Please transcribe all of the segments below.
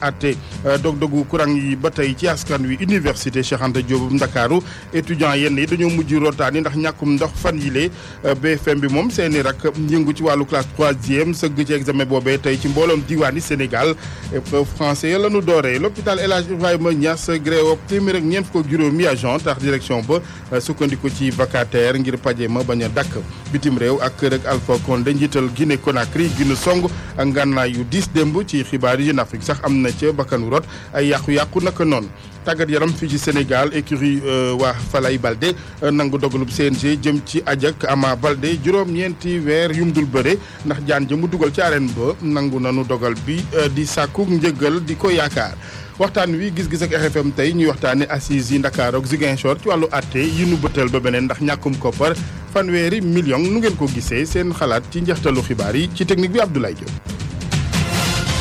àtte euh, dog-dogu courant yi ba tey ci askan wi université Cheikh Anta Diop Ndakaaru étudiant yenn yi dañoo mujj rotaani ndax ñàkkum ndox fan yile euh, BFM bi moom seeni rak njëngu ci wàllu classe troisième sëgg ci examen boobee tey ci mbooloom diwaani Sénégal épreuve français ya lañu dooree l'hôpital El Hadj Ibrahima Niass gréwo téeméer ak ñeent fukk juróomi agent tax direction ba euh, sukkandiku ci vacataire ngir paje ma bañ a dakk bitim réew ak rek ak Alpha Condé njiital Guinée Conakry ginu song ak ngànnaay yu diis ci xibaar yi Jeune Afrique sax am na na ca bakkanu rot ay yàqu-yàqu naka noonu tàggat yaram fii ci Sénégal écurie euh, waa Falay Balde euh, nangu seen CNG jëm ci ajak Ama Balde juróom-ñeenti weer yum dul bëre ndax jaan ja mu dugal ci arène ba nangu nanu dogal bi euh, di sàkku njëgal di ko yaakaar waxtaan wi gis-gis ak RFM tey ñuy waxtaane assise yi Ndakaar ak Ziguinchor ci wàllu atte yi nu bëttal ba beneen ndax ñàkkum koppar fanweeri million nu ngeen ko gisee seen xalaat ci njeextalu xibaar yi ci technique bi Abdoulaye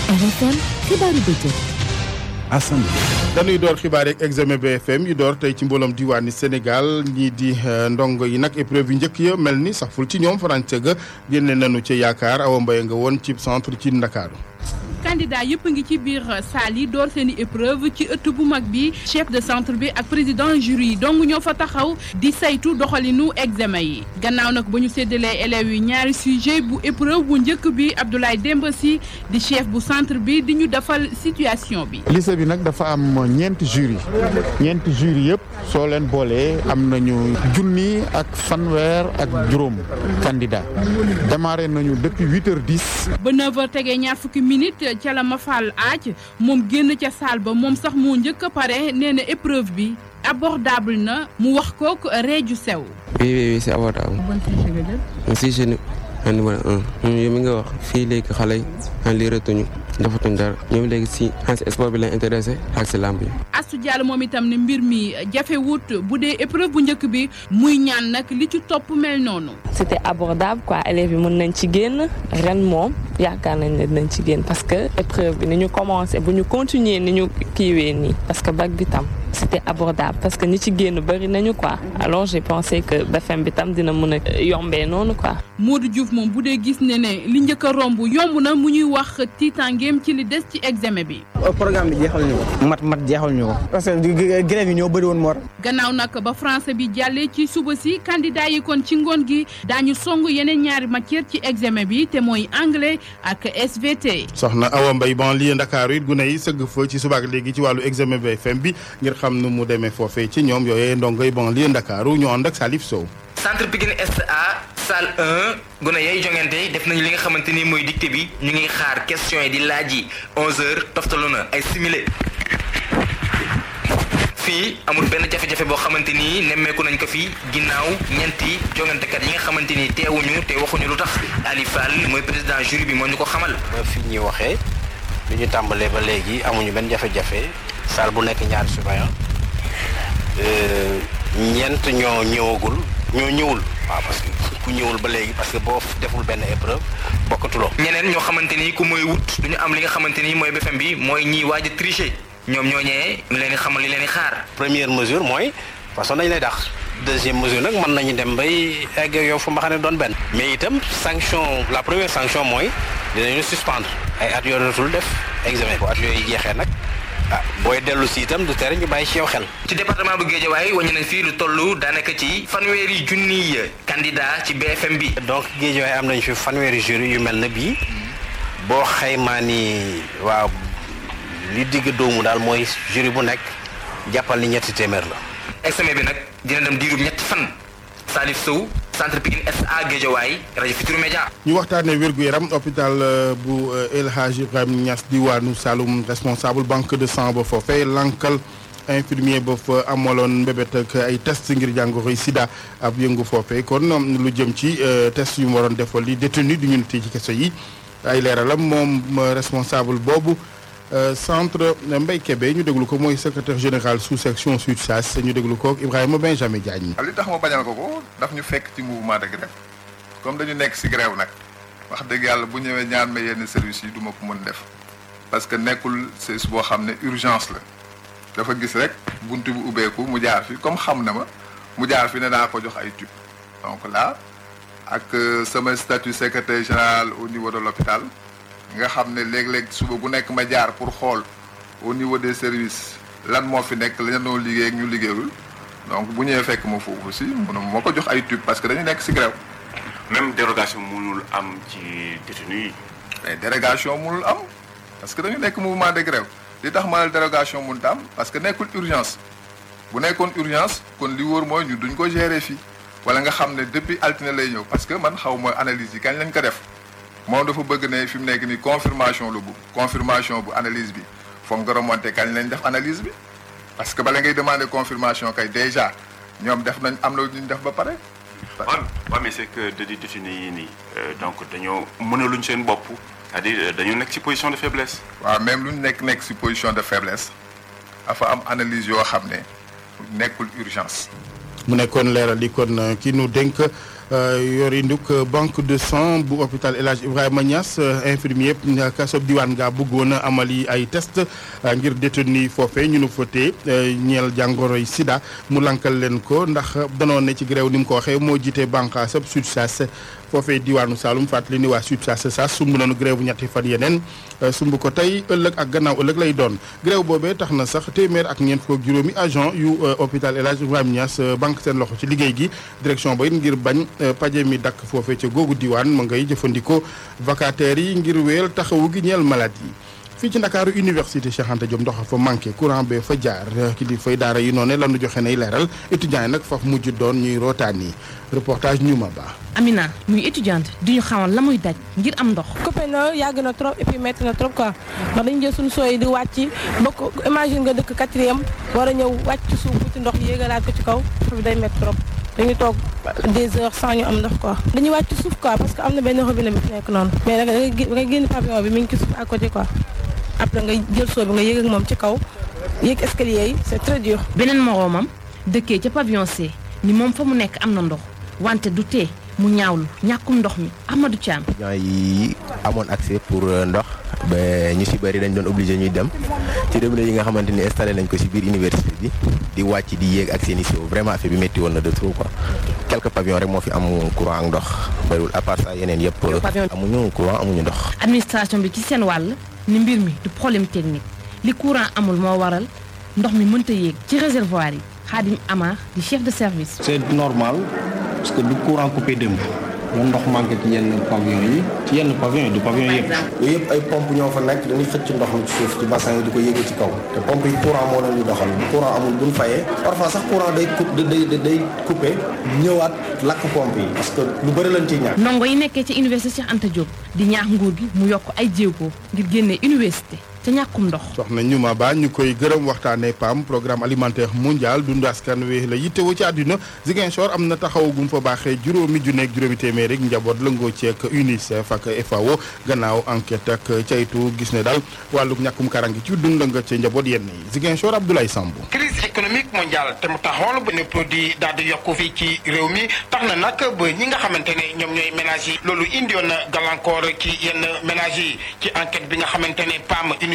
Diop xibaaru bëccëg Assane dañuy door xibaar yeeg examen BFM yi door tey ci mbooloom diwaani Sénégal ñii di euh, ndongo yi nag épreuve yu njëkk ya mel ni saful ci ñoom français ga génne nañu ca yaakaar awa mbay nga woon ci centre ci Ndakaaru candidat yëpp ngi ci biir salle yi door seen i épreuve ci ëtt bu mag bi chef de centre bi ak président jury yi donc ñoo fa taxaw di saytu doxalinu examen yi gannaaw nag ba ñu séddalee élèves yi ñaari sujet bu épreuve bu njëkk bi Abdoulaye Demba Sy di chef bu centre bi di ñu defal situation bi. lycée bi nag dafa am ñeenti jury ñeenti jury yëpp soo leen boolee am na ñu junni ak fanweer ak juróom candidat démarré nañu depuis huit heures dix. ba tegee ca la Mafal aaj moom génn ca salle ba moom sax moo njëkk a pare nee na épreuve bi abordable na mu wax ree reeju sew. oui oui oui c'est abordable. bon sujet nga jël. sujet wax fii léegi xale yi lii rëtuñu defatuñ dara ñoom léegi si si sport bi lañ intéressé ak si làmb yi. Astou Diallo moom itam ne mbir mi jafe jafewut bu dee épreuve bu njëkk bi muy ñaan nag li ci topp mel noonu. c'était abordable quoi élève yi mën nañ ci génn ren moom yaakaar nañ ne nañ ci génn parce que épreuve bi ni ñu commencé bu ñu continuer ni ñu kiiwee nii parce que bac bi tam. c'était abordable parce que ñi ci génn bëri nañu quoi alors j'ai pensé que BFM bi tam dina mën a yombee noonu quoi. Modou Diouf moom bu dee gis ne ne li njëkk a romb yomb na mu ñuy wax tiitangeem ci li des ci examen bi. Euh, programme bi jeexal ñu ko. mat mat jeexal ñu ko. parce que grève yi ñoo bëri woon moo gannaaw nag ba français bi jàllee ci suba si candidat yi kon ci ngoon gi daañu song yeneen ñaari matière ci examen bi te mooy anglais ak SVT. soxna Awa Mbaye banlieue Ndakaaru it gune yi sëgg fa ci subaak léegi ci wàllu examen xam nu mu demee foofee ci ñoom yooyee ndongoy banlieue Ndakaaru ñu ànd ak Salif Sow. centre Pikine SA salle 1 gone yay jongante def nañu li nga xamante ni mooy dicté bi ñu ngi xaar question yi di laaj yi 11h toftalu na ay simile fii amul benn jafe-jafe boo xamante ni nemmeeku nañ ko fi ginnaaw ñeenti jongantekat yi nga xamante ni teewuñu te waxuñu lu tax Ali mooy président jury bi moo ñu ko xamal. fii ñuy waxee li ñu tàmbalee ba léegi amuñu benn jafe-jafe. salle bu nekk ñaari surveillant euh, ñeent ñoo ñëwagul ñoo ñëwul waaw parce que ku ñëwul ba léegi parce que boo deful benn épreuve bokkatuloo. ñeneen ñoo xamante ni ku mooy wut du ñu am li nga xamante ni mooy BFEM bi mooy ñiy waaj a tricher ñoom ñoo ñëwee ñu leen di xamal li leen di xaar. première mesure mooy façon dañu lay dax deuxième mesure nag mën nañu dem bay egg yow fu ma xam ne doon benn. mais itam sanction la première sanction mooy dinañu suspendre ay at yoo def examen bu at yooyu jeexee nag. a ah, booy dellu si itam du tere ñu bàyyi ci yow xel. ci département bu Guédiawaye wàññi nañ fii lu toll daanaka ci fanweeri junniy candidat ci BFM bi. donc Guédiawaye am nañ fi fanweeri jury yu mel na bii boo xaymaa ni waaw li digg doomu daal mooy juri bu nekk jàppal ni ñetti téeméer la. examen bi nag dina dem diirub ñetti fan Salif Sow. centre Pikine SA Guédiawaye rajo Futurs ñu waxtaanee wérgu yaram hôpital euh, bu euh, El Hadj Ibrahima diwaanu Saloum responsable banque de sang ba foofee lankal infirmier ba amoloon amaloon mbébét ay test ngir jàngoroy sida ab yëngu foofee kon um, lu jëm ci euh, test yu mu waroon defal li détenu du ñu ci kese yi ay leeralam moom responsable boobu Euh, centre Mbaye Kébé ñu déglu ko mooy secretaire général sous section sud sas ñu déglu ko ak Ibrahima Benjamin Diagne. li tax ma bañal ko ko daf ñu fekk ci mouvement de grève comme dañu nekk si grève nag wax dëgg yàlla bu ñëwee ñaan ma yenn services yi duma ko mën def parce que nekkul service boo xam ne urgence la dafa gis rek bunt bu ubbeeku mu jaar fi comme xam na ma mu jaar fi ne daa ko jox ay tube donc là ak euh, sama statut secrétaire général au niveau de l'hôpital nga xam ne léeg-léeg suba gu nekk ma jaar pour xool au niveau des services lan moo fi nekk la noo liggéey ak ñu liggéeyul donc bu ñëwee fekk ma foofu aussi mun moo ko jox ay tube parce que dañu nekk si grève même dérogation mënul am ci détenu yi mais dérogation mënul am parce que dañu nekk mouvement de grève li tax ma ne dérogation mënut am parce que nekkul urgence bu nekkoon urgence kon li wóor mooy ñu duñ ko gérer fii wala nga xam ne depuis altine lay ñëw parce que man xaw ma analyse yi kañ lañ ko def moom dafa bëgg ne fi mu nekk nii confirmation lu bu confirmation bu analyse bi foog nga remonté kañ lañ def analyse bi parce que bala ngay demander confirmation kay déjà ñoom def nañ am na ñu def ba pare. waaw waaw mais c'est nii euh, donc dañoo mënaluñ seen bopp c'est-à-dire euh, dañoo nekk ci position de faiblesse. waa même lu ñu nekk nekk ci position de faiblesse dafa am analyse yoo xam ne nekkul urgence. mu nekkoon leeral di kon euh, ki nu dénk. Euh, yori nduk euh, banque de sang bu hôpital El Hadj Ibrahima Niass euh, infirmier kasob diwaan ga bëggoon a amali ay test ngir détenu foofee ñu nu fa tee ñeel jàngoroy Sida mu lankal leen ko ndax danoo ne ci gréew ni mu ko waxee moo jiite banque sab SUTSAS foofee diwaanu Saloum fàttali ni waa SUTSAS sa sumb nañu grève bu ñetti fan yeneen euh, sumb ko tey ëllëg ak gannaaw ëllëg lay doon grève boobee tax na sax téeméer ak ñeent fukk ak juróomi agent yu euh, hôpital El Hadj Ibrahima Niass euh, banque seen loxo ci liggéey gi direction ba it ngir bañ paje mi dakk foofee ca googu diwaan ma ngay jëfandikoo vacataires yi ngir wéel taxawu gi ñeel malade yi fii ci ndakaaru université Cheikh Anta Diop ndox fa manqué courant bee fa jaar ki di daara yi noonu lanu joxe nay leeral étudiants nag faf mujj doon ñuy rootaan yi reportage Ñuma Ba. Amina muy étudiante di ñu xamal la muy daj ngir am ndox. coupé na yàgg na trop et puis na trop quoi ndax dañu jël suñu sooy di wàcc bokk imagine nga dëkk quatrième war a ñëw ci ko ci kaw fi day métti trop. dañu toog des heures sans ñu am ndox quoi dañuy wàcc suuf quoi parce que am na benn robinet bi fi nekk noonu mais nag da ngay génn bi mi ngi ci suuf à côté quoi. après nga jël soo bi nga yéeg ak moom ci kaw yéeg escalier yi c'est très dur. beneen moroomam dëkkee ca pavillon C ni moom fa mu nekk am na ndox wante du tee mu ñaawlu ñàkkum ndox mi Amadou Thiam. étudiants yi amoon accès pour euh, ndox. ba ñu si bëri dañ doon obligé ñuy dem ci robinet yi nga xamante ni installé nañ ko si biir université bi di wàcc di yéeg ak seen i vraiment affaire bi métti woon na de trop quoi quelques pavillons rek moo fi am courant ak ndox bëriwul à part ça yeneen yëpp amuñu courant amuñu ndox administration bi ci seen wàll ni mbir mi du problème technique li courant amul moo waral ndox mi mënta yéeg ci réservoir yi Khadim Amar di chef de service c'est normal parce que courant coupé démb ba ndox manqué ci yenn pavillon yi ci yenn pavillon yi du pavillon yëpp yooyu yëpp ay pompe ñoo fa nekk dañuy xëcc ndox mi ci suuf ci bassin yi di ko yéege ci kaw te pompe yi courant moo leen di doxal bu courant amul buñ fayee parfois sax courant day coupé day day coupé ñëwaat lakk pompe yi parce que lu bëri lañ ciy ñàkk ndongo yi nekkee ci université Cheikh Anta Diop di ñaax nguur gi mu yokk ay jéego ngir génnee université ca ñàkkum ndox soxna ñu ma ba ñu koy gërëm waxtaane PAM programme alimentaire mondial dundu askan wi la yittewoo ci àdduna Ziguinchor am na taxawagum fa baaxee juróomi junne ak juróomi téeméer njaboot lëngoo ci ak UNICEF ak FAO gannaaw enquête ak caytu gis ne daal wàlluk ñàkkum karangi ci dund nga ci njaboot yenn yi Ziguinchor Abdoulaye Samb crise économique mondiale te mu taxoon ba ne produit daal di fii ci réew mi tax na nag ba ñi nga xamante ne ñoom ñooy ménage yi loolu indiwoon na gàllankoor ci yenn ménage yi ci enquête bi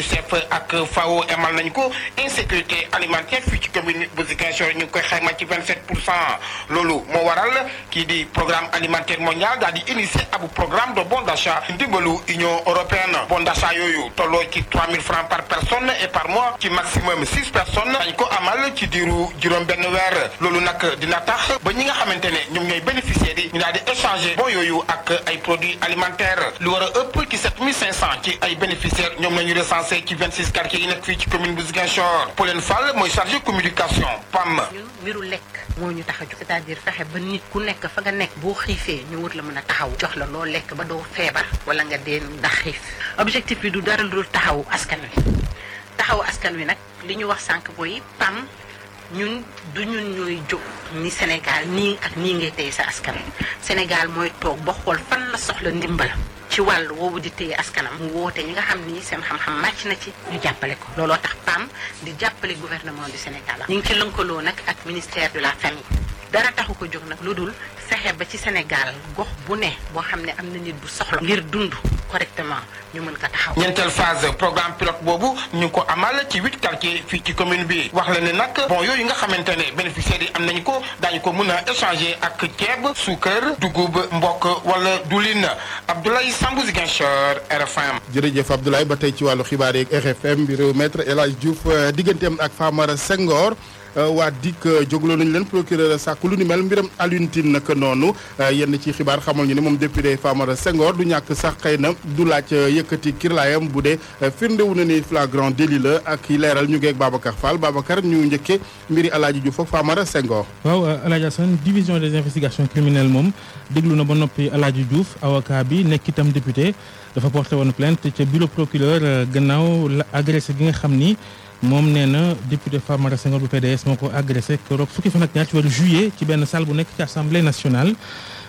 UNICEF ak FAO emal nañ ko insécurité alimentaire fii ci commune bu Ziguinchor ñu ngi koy xayma ci 27 pour cent loolu moo waral kii di programme alimentaire mondial daal di abu programme de bon d'achat ndimbalu Union européenne bon d'achat yooyu tolloo ci 3000 par personne et par mois ci maximum 6 personnes dañ ko amal ci diiru juróom-benn weer loolu nag dina tax ba ñi nga xamante ne ñoom ñooy bénéficiaires ñu daal di échanger yooyu ak ay produits alimentaires conseil ci 26 quartiers yi nekk fii ci commune bu Ziguinchor Pauline Fall mooy chargé communication PAM. ñun mbiru lekk moo ñu tax a jóg c'est-à-dire fexe ba nit ku nekk fa nga nekk boo xiifee ñu wut la mën a taxaw jox la loo lekk ba doo feebar wala nga dee ndax xiif objectif bi du dara lu dul taxawu askan wi taxawu askan wi nag li ñu wax sànq yi PAM. ñun du ñun ñooy jóg ni Sénégal nii ak nii ngay tey sa askan wi Sénégal mooy toog ba xool fan la soxla ndimbal ci wàll woowu di téye askanam mu woote ñi nga xam ni seen xam-xam màcc na ci ñu jàppale ko looloo tax PAM di jàppale gouvernement du Sénégal ñu ngi ci lënkaloo nag ak ministère de la famille dara taxu ko jóg nag lu dul fexe ba ci Sénégal gox bu ne boo xam ne am na nit du soxla ngir dund correctement ñu mën ko taxaw. ñeenteel phase programme pilote boobu ñu ko amal ci huit quartiers fii ci commune bi wax la ne nag bon yooyu nga xamante ne bénéficiaires yi am nañu ko daañu ko mën a échanger ak ceeb suukar dugub mbokk wala dulin Abdoulaye Sambou Ziguinchor RFM. jërëjëf Abdoulaye ba tey ci wàllu xibaar yeeg RFM bi réew maître El Hadj Diouf digganteem ak Famara Senghor. Euh, waa dikk euh, jógloo nañu leen procureur sàkku lu ni mel mbiram Alioune Tine nag noonu euh, yenn ci xibaar xamal ñu ne moom député Famara Senghor du ñàkk sax xëy na du laaj yëkkati kirlaayam bu dee firndewu na ni flagrant délit la ak leeral ñu ngeeg Babacar Fall Babacar ñu njëkkee mbiri Alaaji Diouf ak Famara Senghor waaw Alaaji Assane division des investigations criminelles moom déglu na ba noppi Alaaji Diouf avocat bi nekk itam député dafa porté woon plainte ca bureau procureur gannaaw agressé gi nga xam ni moom nee na député Famara Senghor bu PDS moo ko agressé keroog fukki fan ñaar ci weeru juillet ci benn salle bu nekk ci assemblée nationale.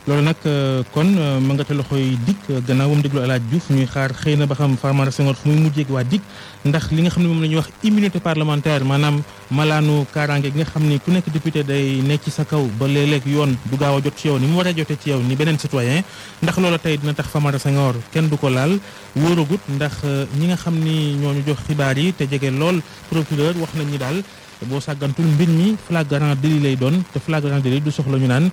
loolu nag euh, kon euh, ma nga te loxo yi dikk euh, gannaaw ba mu déglu alaaj Diouf ñuy xaar xëy na ba xam Farmara Senghor fu muy mujjee waa dikk ndax li nga xam ne moom la ñuy wax immunité parlementaire maanaam malaanu kaaraange gi nga xam ni ku nekk député day nekk ci sa kaw ba léeg-léeg yoon du gaaw a jot ci yow ni mu waree jotee ci yow ni beneen citoyen ndax loola tey dina tax Farmara Senghor kenn du ko laal wóoragut ndax ñi nga xam ni ñoo ñu jox xibaar yi te jege lool procureur wax nañ ni daal boo sàggantul mbir mi flagrant délit lay doon te flagrant délit du soxla ñu naan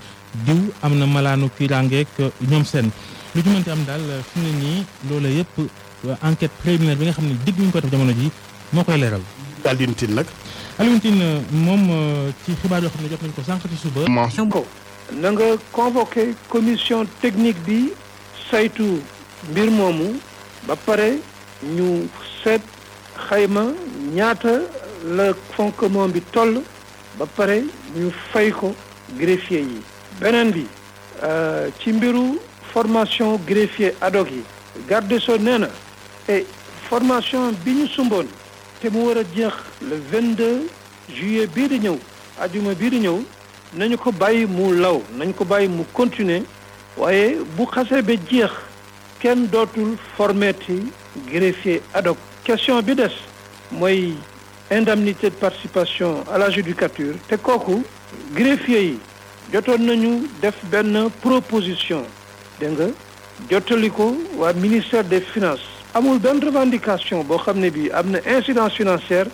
diw am na malaanu kiiraangeeg ñoom seen lu ci mënti am daal fi mu ne nii loola yëpp euh, enquête préliminaire bi nga xam ne digg ñu ko def jamono ji moo koy leeral. Alioune Tine nag. Alioune Tine euh, moom euh, ci xibaar yoo xam ne jot nañu ko sànq ci suba. ko na nga convoqué commission technique bi saytu mbir moomu ba pare ñu seet xayma ñaata. la fonds bi toll ba pare ñu fay ko greffier yi beneen bi euh, ci mbiru formation greffier ad hoc yi garde des Sceaux na eh, formation bi ñu sumboon te mu war a jeex le 22 juillet bii di ñëw ajuma bii di ñëw nañu ko bàyyi mu law nañu ko bàyyi mu continuer waaye bu xasee ba jeex kenn dootul formeeti greffier adog question bi des mooy indemnité de participation à la judicature te kooku greffier yi jotoon nañu def benn proposition dégg nga jottali ko waa ministère des finances amul benn revendication boo xam ne bii am na incidence financière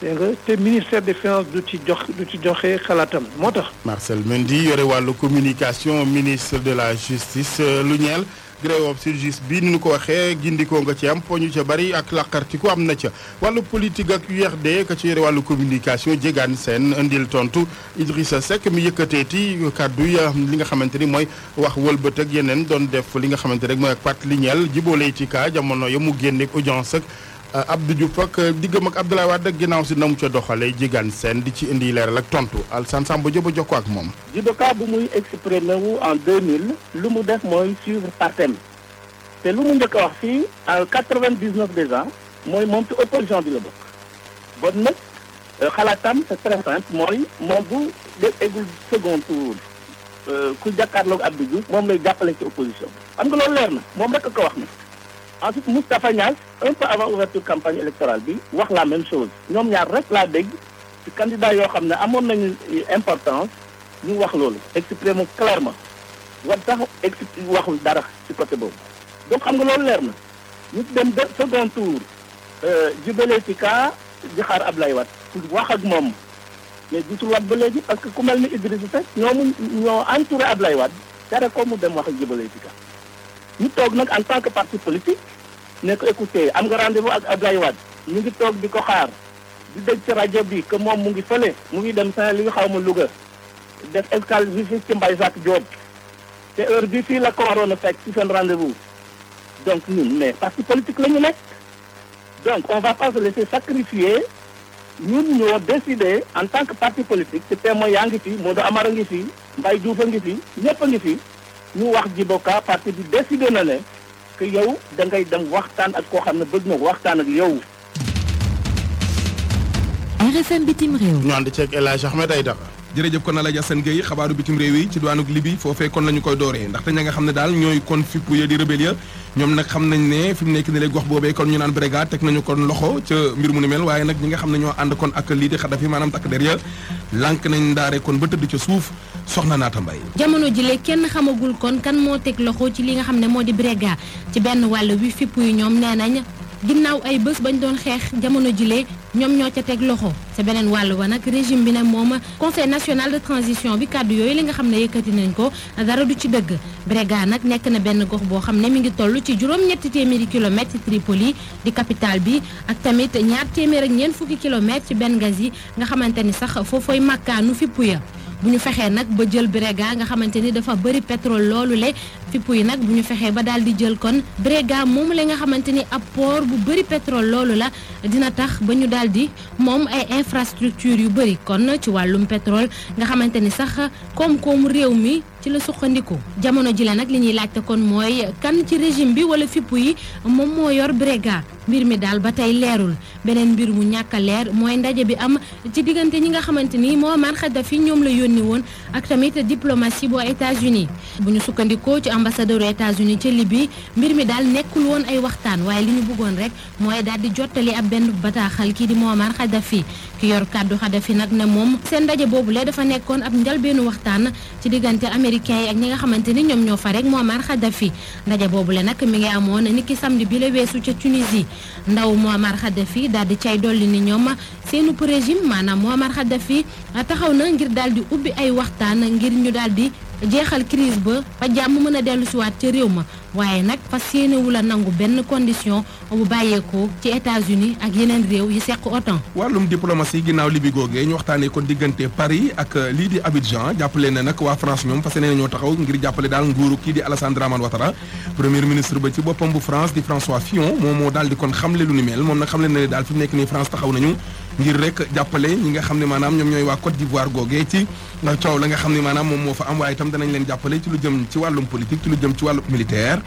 dégg nga te ministère des finances du ci jox du ci joxe xalaatam moo tax. Marcel Mendy yore wàllu communication ministre de la justice euh, lu ñeel. grève surgis bi ni ñu ko waxee gindikoo nga ci am poñu ca bari ak laqartiku am na ca wàllu politique ak URD ka ci yore wàllu communication jégaan seen indil tontu Idrissa Seck mi yëkkateeti kàddu ya li nga xamante ni mooy wax wëlbët ak yeneen doon def li nga xamante rek mooy ak pat li ñeel jiboole ci ka jamono ya mu génneeg audience ak Abdou Diouf ak diggam ak Abdoulaye Wade ak ginnaaw si na mu ca doxalee jigaan seen di ci indi leeral ak tontu al san Samba Diop a jokkoo ak moom. judoka bu muy exprimé wu en 2000 lu mu def mooy suivre par te lu mu njëkk a wax fii en 99 des ans mooy moom ci opposition bi la bokk bon nag euh, xalaatam c'est très simple mooy moom bu def eggul second tour euh, ku jàkkaarloog Abdou Diouf moom lay jàppale ci opposition bi xam nga loolu leer na moom rek a wax ensuite Moustapha Niass un peu avant ouverture campagne électorale bi wax la même chose ñoom ñaar rek laa dégg ci candidat yoo xam ne amoon nañu importance ñu wax loolu exprimer mu clairement war sax exprimer waxul dara ci côté boobu donc xam nga loolu leer na ñu dem de second tour euh, jubalee ci kaa lay wat pour wax ak moom mais gisul Wade ba léegi parce que ku mel ni Idrissa Seck ñoomu ñoo entouré lay Wade tere ko mu dem wax ak jubalee ci ñu toog nag en tant que parti politique ne ko écouté am nga rendez-vous ak a Abdoulaye Wade ñu ngi toog di ko xaar di dégg ci rajo bi que moom mu ngi fële mu ngi dem Saint li nga xaw ma Louga def escale bi mbay ci Mbaye Jacques Diop te heure bi fii la ko waroon a fekk ci seen rendez-vous donc ñun mais parti politique la ñu nekk donc on va pas se laisser sacrifier ñun ñoo décider en tant que parti politique te témoin yaa ngi fi moo Amara ngi fi Mbaye Diouf a ngi fi ñëpp a ngi fi ñu wax Djibo Ka parti que bi décidé na ne que yow da ngay dem waxtaan ak koo xam ne bëgg na ko waxtaan ak yow. RFM bitim réew. ñu ànd ceeg El Hadj Ahmed Aïdara jërëjëf kon Alaaji Assane Gueye xabaaru bitim réew yi ci diwaanuk Libi foofee kon la ñu koy dooree ndaxte ña nga xam ne daal ñooy kon fippu ya di rebelle ya ñoom nag xam nañ ne fi nekk ne léegi gox boobee kon ñu naan brigade teg nañu kon loxo ca mbir mu ni mel waaye nag ñi nga xam ne ñoo ànd kon ak lii di Xadafi maanaam takk der ya lànk nañ ndaare kon ba tëdd ca suuf soxna naata mbay jamono jile kenn xamagul kon kan moo teg loxo ci li nga xam ne moo di brigade wàll wi fipp yi ñoom nee nañ ginnaaw ay bés bañ doon xeex jamono jile ñoom ñoo ca teg loxo sa beneen wàll wa nag régime bi ne moom a conseil national de transition bi kàddu yooyu li nga xam ne yëkkati nañ ko dara du ci dëgg Brega nag nekk na benn gox boo xam ne mi ngi toll ci juróom-ñetti téeméeri kilomètres ci Tripoli di capitale bi ak tamit ñaar téeméer ak ñeent fukki kilomètres ci Benghazi nga xamante ni sax foofooy màkkaanu fippu ya bu ñu fexee nag ba jël Brega nga xamante ni dafa bëri pétrole loolu le fippu yi nag bu ñu fexee ba daal di jël kon Brega moom la nga xamante ni ab port bu bëri pétrole loolu la dina tax ba ñu daal di moom ay infrastructure yu bëri kon ci wàllum pétrole nga xamante ni sax koom-koomu réew mi ci la suqandiku jamono ji la nag li ñuy laajte kon mooy kan ci régime bi wala fippu yi moom moo yor Brega mbir mi daal ba tey leerul beneen mbir mu ñàkk a leer mooy ndaje bi am ci diggante ñi nga xamante ni Mouammar Kadhafi ñoom la yónni woon ak tamit diplomatie bu états bu ñu sukkandikoo ci ambassadeur États-Unis ca Libye mbir mi daal nekkul woon ay waxtaan waaye li ñu bëggoon rek mooy daal di jottali ab benn bataaxal kii di Mouammar Kadhafi ki yor kàddu Kadhafi nag ne moom seen ndaje boobule dafa nekkoon ab waxtaan ci diggante américains yi ak ñi nga xamante ni ñoom ñoo fa rek Mouammar Kadhafi ndaje boobu boobule nag mi ngi amoon niki samedi bi la weesu ca Tunisie ndaw Muammar Kadhafi daal di cay dolli ni ñoom seenub régime maanaam Muammar Kadhafi taxaw na ngir daal di ubbi ay waxtaan ngir ñu daal di jeexal crise ba ba jàmm mën a dellusiwaat ca réew ma waaye nag fas yéenewu la nangu benn condition bu bàyyeekoo ci États-Unis ak yeneen réew yi seq OTAN. wàllum diplomatie ginnaaw li bi ñu waxtaanee kon diggante Paris ak euh, lii di Abidjan jàppale ne nag waa France ñoom fas yéene ñoo taxaw ngir jàppale daal nguuru kii di Alassane Dramane Ouattara premier ministre ba ci boppam bu France di François Fillon moom moo daal di kon xamle lu ni mel moom nag xamle na ne daal fi mu nekk nii France taxaw nañu. ngir rek ne maanaam ñoom ñooy waa Côte d'Ivoire googee ci euh, coow moom moo fa am waaye itam danañ leen jàppale ci lu jëm jëm ci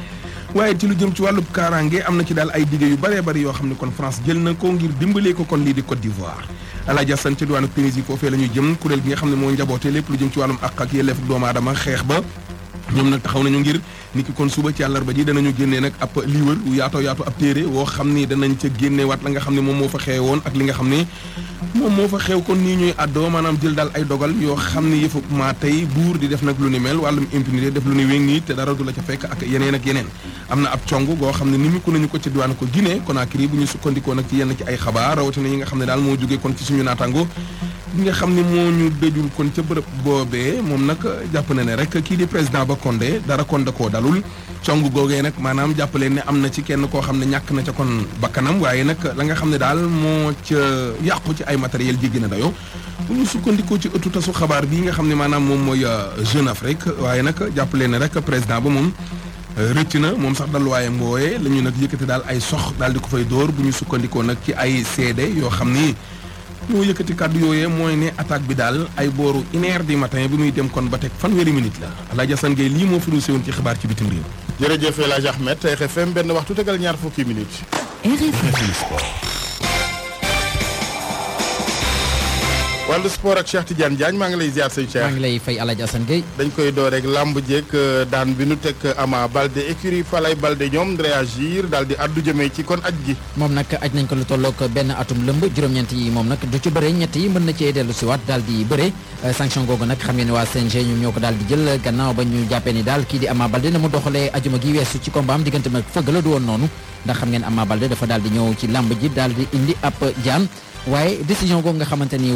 waaye ci lu jëm ci wàllub kaaraange am na ci daal ay dige yu bëree bëri yoo xam ne kon France jël na ko ngir dimbalee ko kon lii di Côte d'Ivoire Alaaji Asan ca diwaanu Tunisie foofee la ñuy jëm kuréel gi nga xam ne moo njaboote lépp lu jëm ci wàllum àq ak yelleef doomu aadama xeex ba ñoom nag taxaw nañu ngir ni ki kon suba ci àllarba ji danañu génnee nag ab lii wër yaatoo yaatu ab téere woo xam ni danañ ca génneewaat la nga xam ne moom moo fa xew woon ak li nga xam ne moo fa xew kon nii ñuy àddoo maanaam jël daal ay dogal yoo xam ne yëfu maa tey buur di def nag lu ni mel wàllum impunité def lu ni wéng nii te dara du la ca fekk ak yeneen ak yeneen am na ab cong goo xam ne ni mu ko nañu ko ci diwaan ko Guinée Conakry bu ñu sukkandikoo nag ci yenn ci ay xabaar rawatina yi nga xam ne daal moo jógee kon ci suñu naatango bi nga xam ni moo ñu dëjul kon ca bërëb boobee moom nag jàpp na ne rek kii di président ba konde dara kon da dalul cong googee nag maanaam jàpp leen ne am na ci kenn koo xam ne ñàkk na ca kon bakkanam waaye nag la nga xam ne daal moo ca yàqu ci ay matériel jéggi na dayo bu ñu sukkandikoo ci ëttu tasu xabaar bii nga xam ne maanaam moom mooy euh, Jeune Afrique waaye nag jàpp leen ne rek président ba moom euh, rëcc na moom sax dalluwaayam wooyee la ñu nag yëkkati daal ay sox daal di ko fay dóor bu ñu sukkandikoo nag ci ay seede yoo xam ni ñoo yëkkati kàddu yooyee mooy ne attaque bi daal ay booru une heure du matin bi muy dem kon ba teg fanweeri minute la El Hadj Assane Gueye lii moo fi ruusee woon ci xibaar ci bitim réew. jërëjëf El Hadj Ahmed RFM benn waxtu tegal ñaar fukki minutes. wàllu sport ak Cheikh Tidiane Diagne maa ngi lay ziar sëñ Cheikh dañ koy door làmb jeeg euh, daan bi nu teg Ama Balde écurie Falay Balde ñoom réagir daal di addu ci kon aj gi moom nag aj nañ ko lu tolloog benn atum lëmb juróom-ñeent yi moom nag du ci bëre ñett yi mën na cee dellu si waat daal di euh, sanction googu nag xam ngeen waa CNG ñoom ñoo ko daal jël gannaaw ba ñu jàppee ni daal kii di Ama Balde na mu doxalee ajuma gi weesu ci combat la du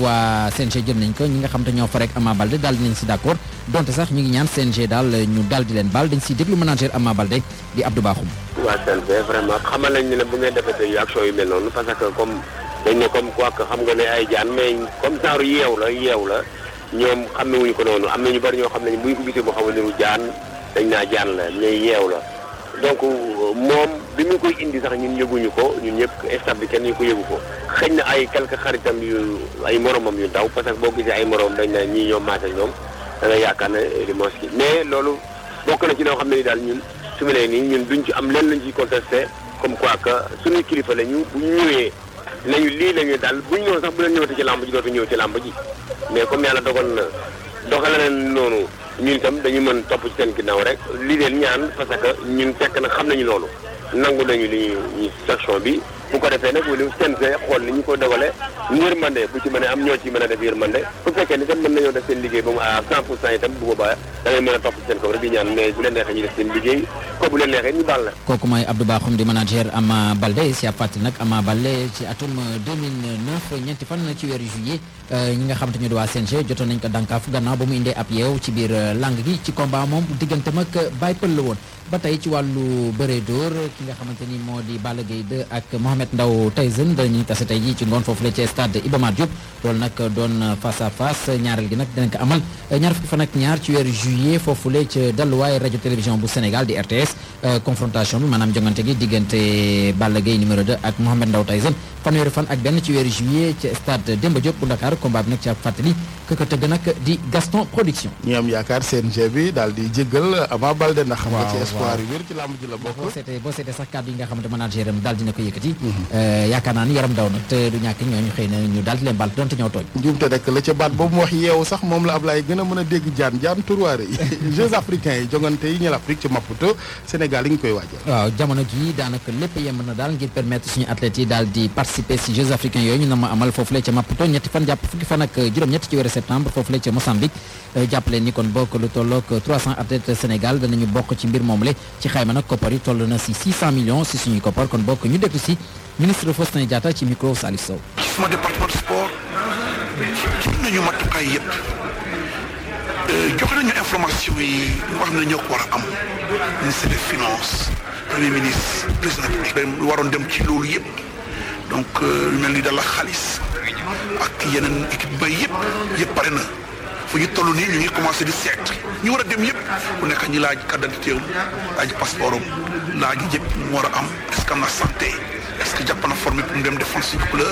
CNG jël nañ ko ñi nga xam te ñoo fa rek Ama Baldé daal dinañ si d'accord donte sax ñu ngi ñaan CNG daal ñu daal leen baal dañ si déglu manager Ama di Abdou Bakhoum. waa CNG vraiment xamal nañ ne bu ngeen defee action yu mel noonu parce que comme dañ ne comme quoi que xam nga ne ay jaan mais comme genre yeew la yeew la ñoom xam ko noonu am na ñu bari ñoo xam ne buy ubbite boo xam ne jaan dañ naa jaan la mais yeew la. donc euh, moom bi mu koy indi sax ñun yëguñu ko ñun ñëpp staff kenn ñu ko yëgu ko xëy na ay quelques xaritam yu ay moromam yu ndaw parce que boo gisee ay moroom dañ na ñii ñoom maase ñoom da nga yaakaar ne limos ki loolu bokk na ci loo xam ne ni daal ñun su ma nee nii ñun duñ ci am lenn lañ ciy contesté comme quoi que suñu kilifa la ñu bu ñu ñëwee nañu lii la ñu daal bu ñu ñëw sax bu leen ñëwati ci làmb ji dootu ñëw ci làmb ji mais comme yàlla dogal na doxal na noonu ñun itam dañu mën topp ci seen ginnaaw rek li leen ñaan parce que ñun fekk na xam nañu loolu nangu nañu li ñu sanction bi bu ko defee nag wala CNG xool ni ñu ko dogalee yërmande bu ci mën a am ñoo ci mën a def yërmande bu fekkee ni tam mën nañoo def seen liggéey ba mu à 100 pour cent itam bu boobaa da ngay mën a topp seen kaw rek di ñaan mais bu leen neexee ñu def seen liggéey ko bu leen neexee ñu baal la. kooku mooy Abdou Bakhoum di manager Ama Baldé si ab fàttali nag Ama Baldé ci atum ñeenti fan ci weeru juillet euh, ñi nga xam te ñu di waa CNG jotoon nañ ko dànkaaf gannaaw ba mu indee ab yeew ci biir euh, langue gi ci combat moom digganteem ma Baye Pël la woon ba tey ci wàllu bëree dóor ki nga xamante ni moo di Balla Gaye 2 ak Mohamed Ndao Tyson dañuy tase tey jii ci ngoon foofu la ci stade Iba Mar Diop loolu doon face à face ñaareel gi nag dinañ ko amal ñaar fukki fan ak ñaar ci weeru juillet foofu la ci dalluwaay rajo télévision bu Sénégal di RTS euh, confrontation bi maanaam jongante gi diggante Balla Gaye numéro 2 ak Mohamed Ndao Tyson fanweeri fan ak benn ci weeru juillet ci stade Demba Diop bu Dakar di Gaston Production. ñu am yaakaar CNG victoire yi wér ci làmb ji la bokk. boo seetee sax kàddu yi nga xamante manager am daal dina ko yëkkati. Euh, yaakaar yaram daw na te du ñàkk ñooñu xëy na daal di leen baal donte ñoo tooñ. njuumte a a ci Maputo Sénégal yi ngi koy waajal. waaw jamono jii daanaka lépp yemb na daal ngir permettre suñu athlètes yi daal di participer si Jeux africains yooyu ñu na ma amal foofu la ca Maputo ñetti fan jàpp fukki fan juróom-ñett ci weeru septembre foofu la euh, ci mbir boole ci xayma nag koppar yi toll na si 600 millions si suñuy koppar kon bokk ñu déglu si ministre Faustin Diatta ci micro Salif Sow. sama département sport jël nañu matukaay yëpp euh, joxe nañu information yi wax na ñoo ko war a am ministre des finances premier ministre président waroon dem ci loolu yëpp donc euh, lu mel ni dala xaalis ak yeneen équipe bay yëpp pare na. fu ñu toll nii ñu ngi commencé di seet ñu war a dem yëpp ku nekk ñu laaj carte d'identité am laaj passeport mu war a am est-ce que am na santé est-ce que jàpp na formé pour mu dem défense couleur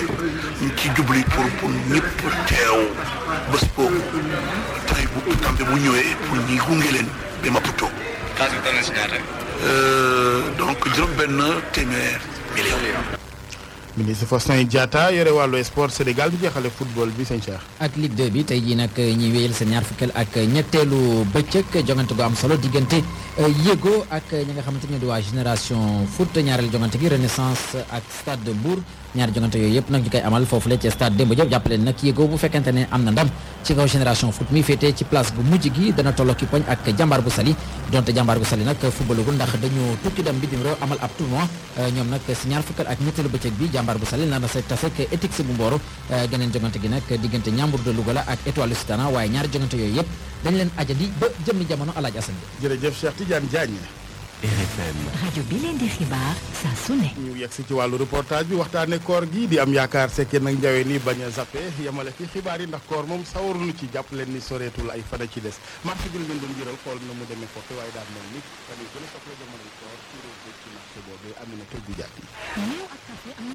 ñu ciy jubli pour pour ñëpp teew bés boobu tey bu ñëwee pour ñi gunge leen ba Maputo. Euh, donc juróom benn téeméer million. ministre Faustin Diatta yore wàllu sport Sénégal bi jeexale football bi sëñ Cheikh. ak Ligue 2 bi tey ji nag ñuy wéyal seen ñaar fukkeel ak ñetteelu bëccëg jongante gu am solo diggante euh, Yégo ak ñi nga xamante ne di waa génération foot ñaareelu jongante gi Renaissance ak Stade de buur ñaari jongante yooyu yëpp nag ñu koy amal foofu la ci stade Demba Diop jàppale nag yéego bu fekkente ne am na ndam ci kaw génération foot mi féetee ci place bu mujj gi dana tolloki poñ ak jàmbaar bu sali donte jàmbaar bu sali nag footballagul ndax dañoo tukki dem bitim réew amal ab tournoi euh, ñoom nag si ñaar fukk ak ñetteelu bëccëg bi jàmbaar bu sali nar na sa tasek éthique bu mbooro euh, geneen jongante gi nag diggante ñambur de Louga la ak étoile Lusitana waaye ñaari jongante yooyu yëpp dañ leen ajandi ba jëmmi jamono alaaj asan bi jërëjëf Cheikh RFM rajo bi leen di xibaar saa su ñu yegg si ci wàllu reportage bi waxtaanee koor gi di am yaakaar sekke nag njawee ni bañ a zappe yemale fi xibaar yi ndax koor moom sawarunu ci jàpp leen ni soreetul ay fana ci des marché bi ngeen doon jëral xool na mu demee foofu waaye daal moom nit fan yii gën a soxla jamono koor ci réew ci marché boobu Aminata Goudiaby